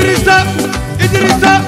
İdrisa, İdrisa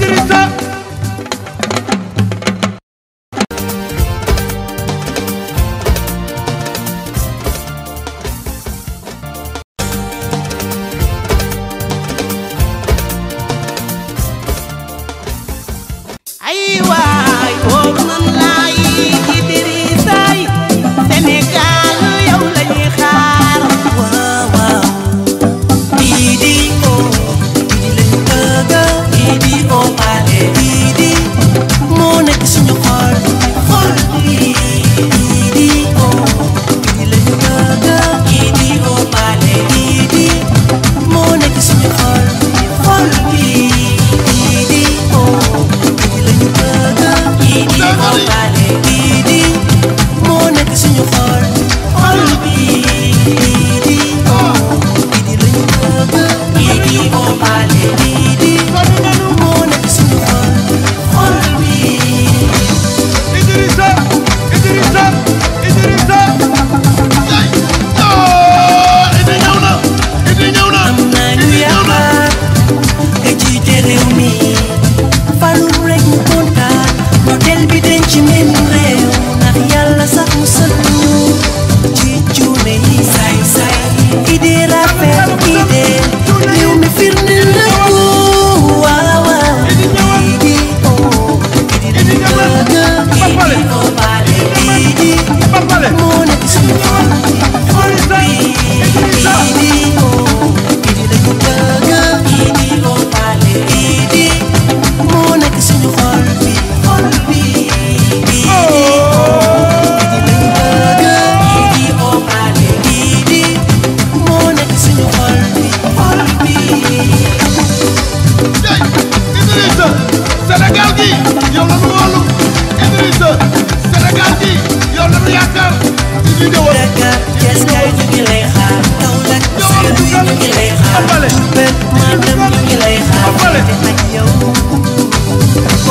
up.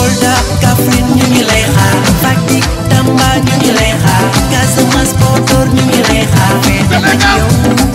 Kolda Kaffrine ñu ngi lay xaar Tamba ñu ngi lay xaar Casamance Podor ñu ngi lay xaar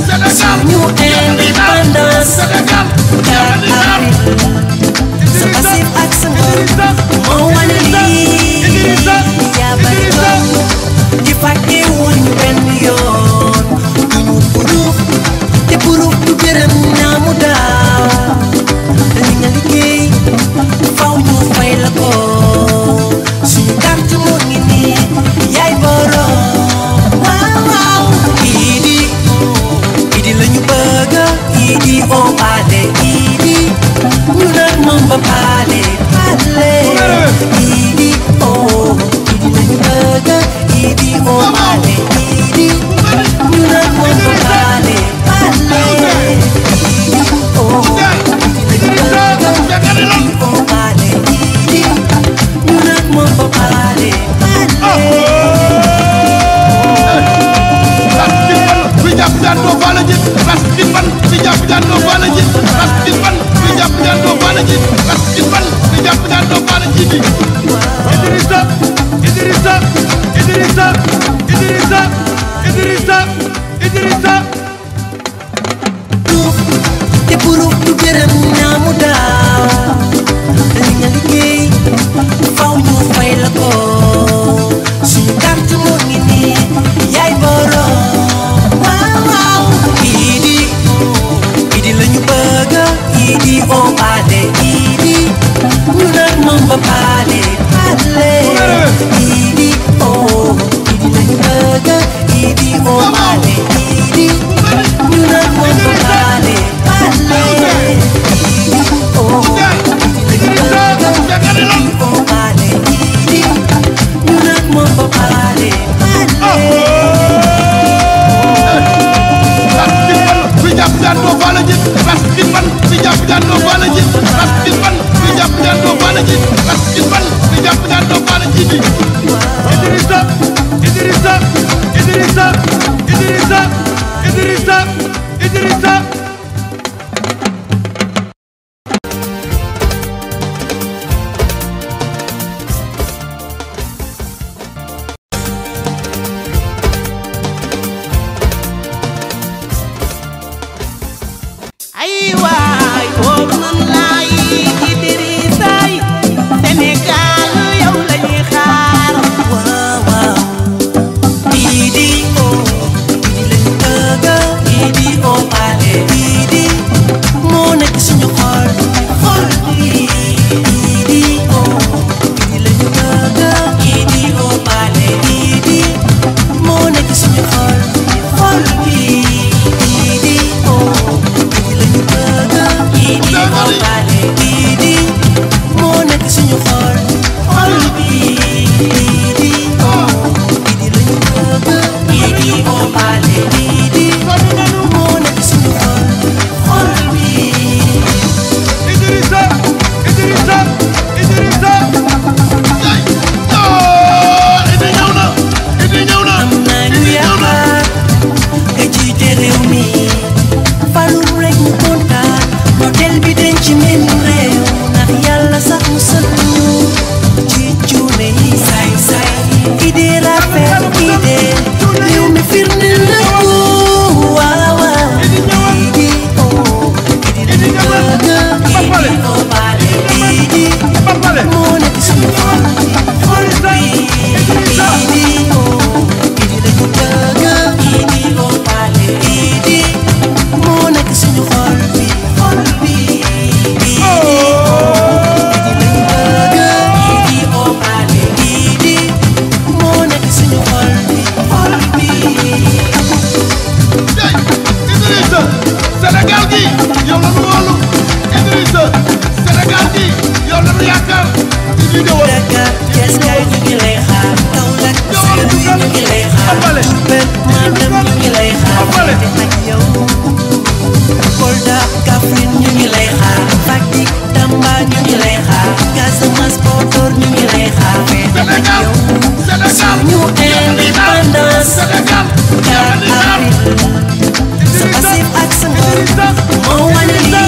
ci bas ci bal te jàpp naa doo faale ci di baby yaakaar ci ñu ñëwal Dakar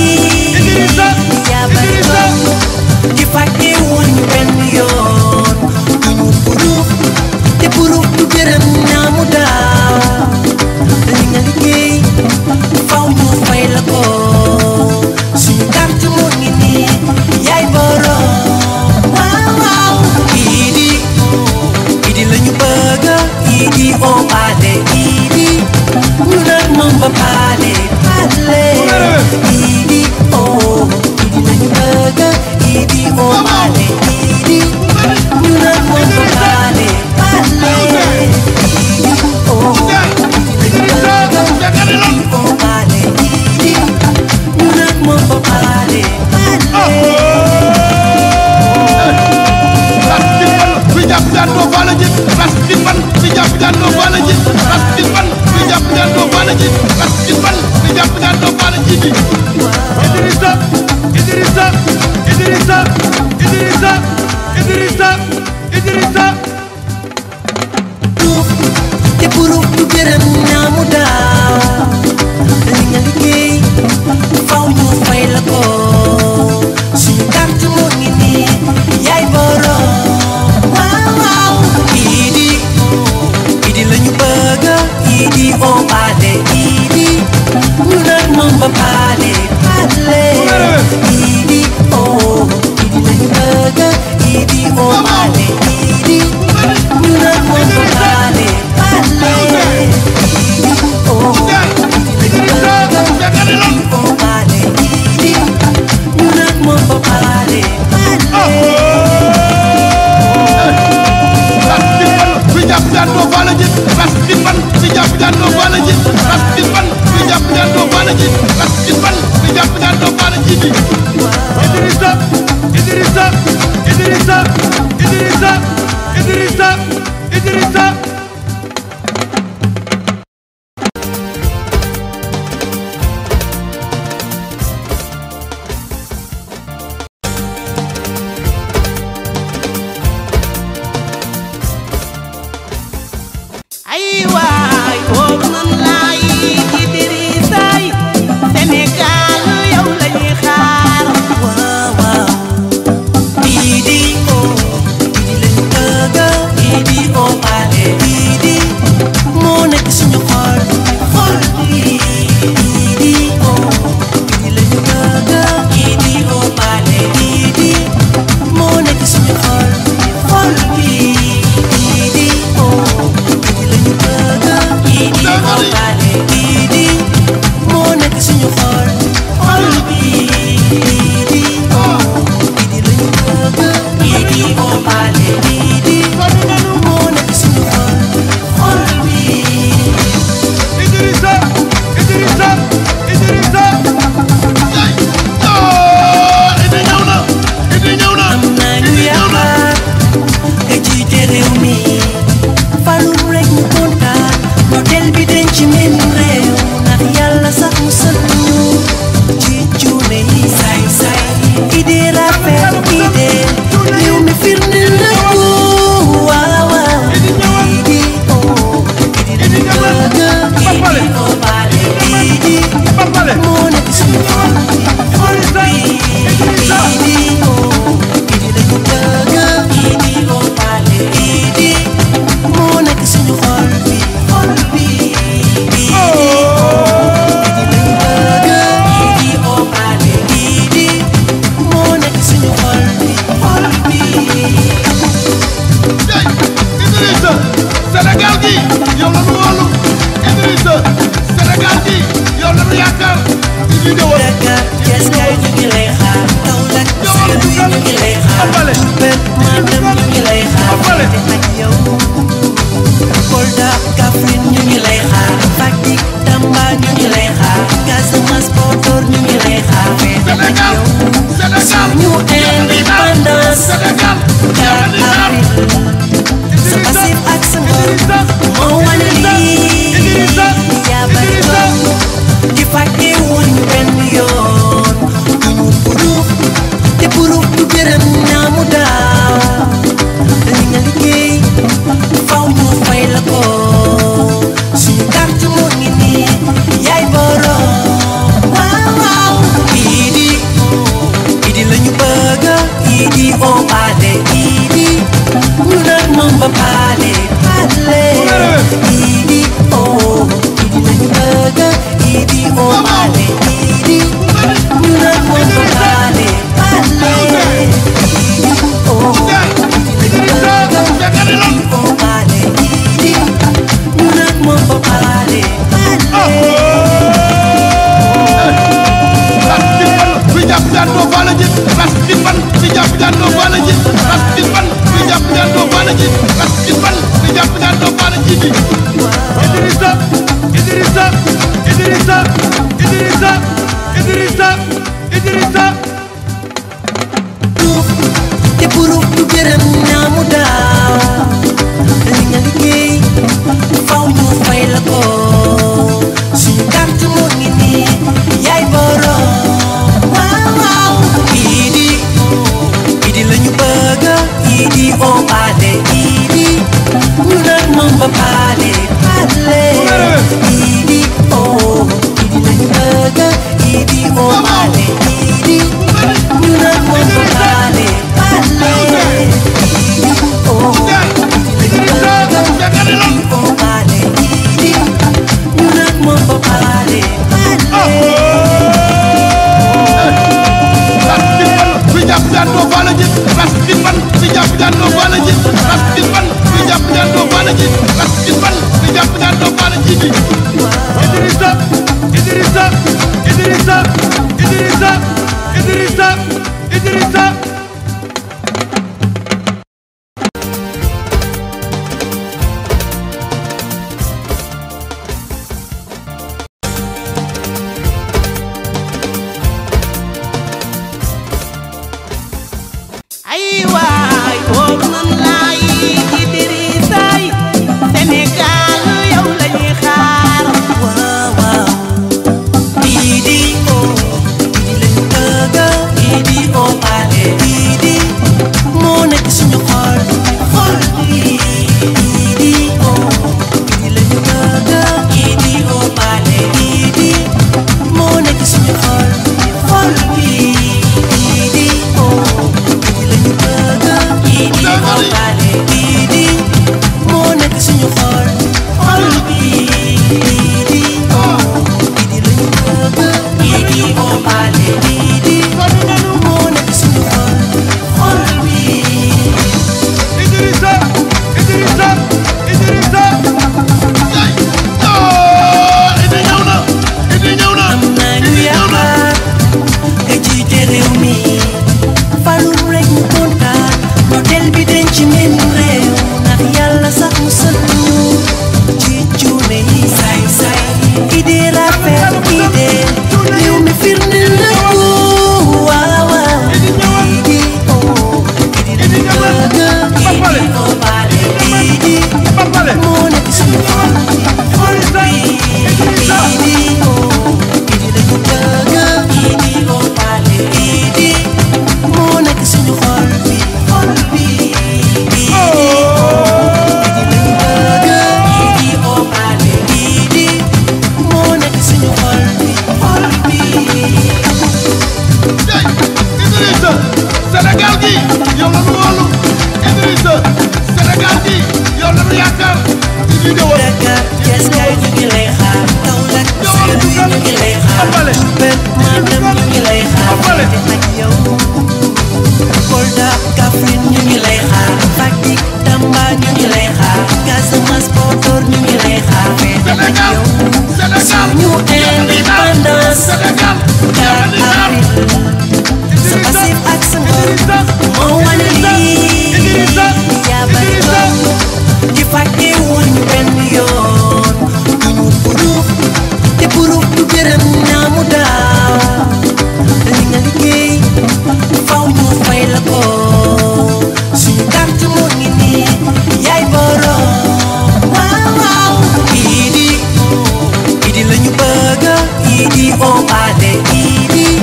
vont parler, Didi.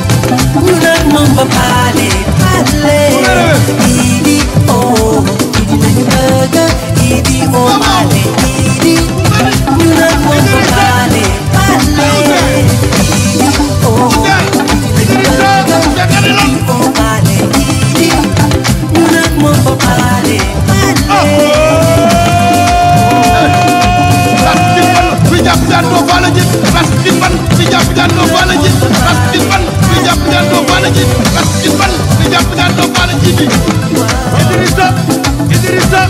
Nous ne m'en pas parler, parler. oh, Didi, Didi, Burger. Didi, oh, parler, Didi. Nous ne m'en pas parler, parler. Didi, oh, Didi, Didi, Burger. Didi, oh, ji parce que man li jàpp naa doo faale ji bi Idrissa Idrissa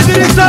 Idrissa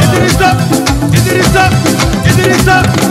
Idrissa Idrissa Idrissa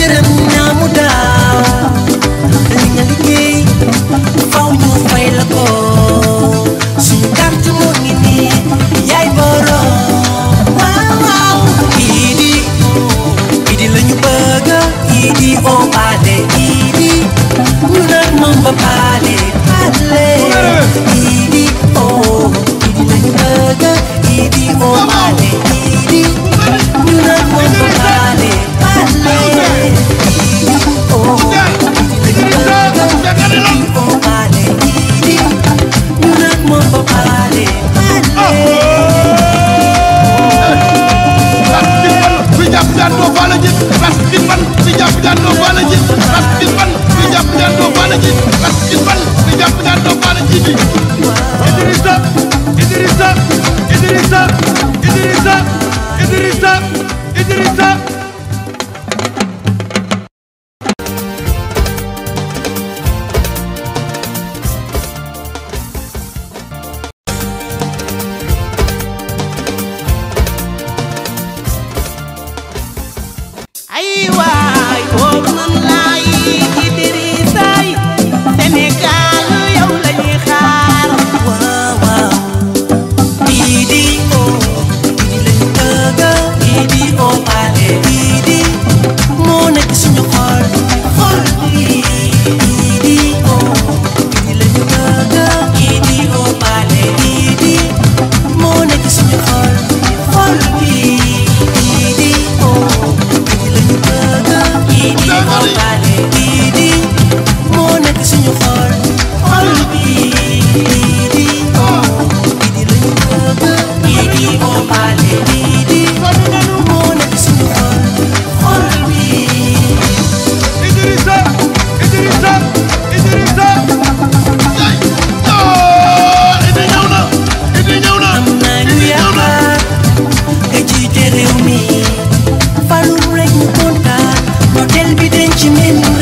yërëm muda mu daaw li nga liggéey faw ñu ini la ko Wow wow moo ngi nii yaay borom waaw waaw idi idi la ñu bëgg idi o oh, ade idi ñu naan moom ba paale idi o oh, idi idi o oh, idi Idrissa Idrissa Idrissa Idrissa diminuir.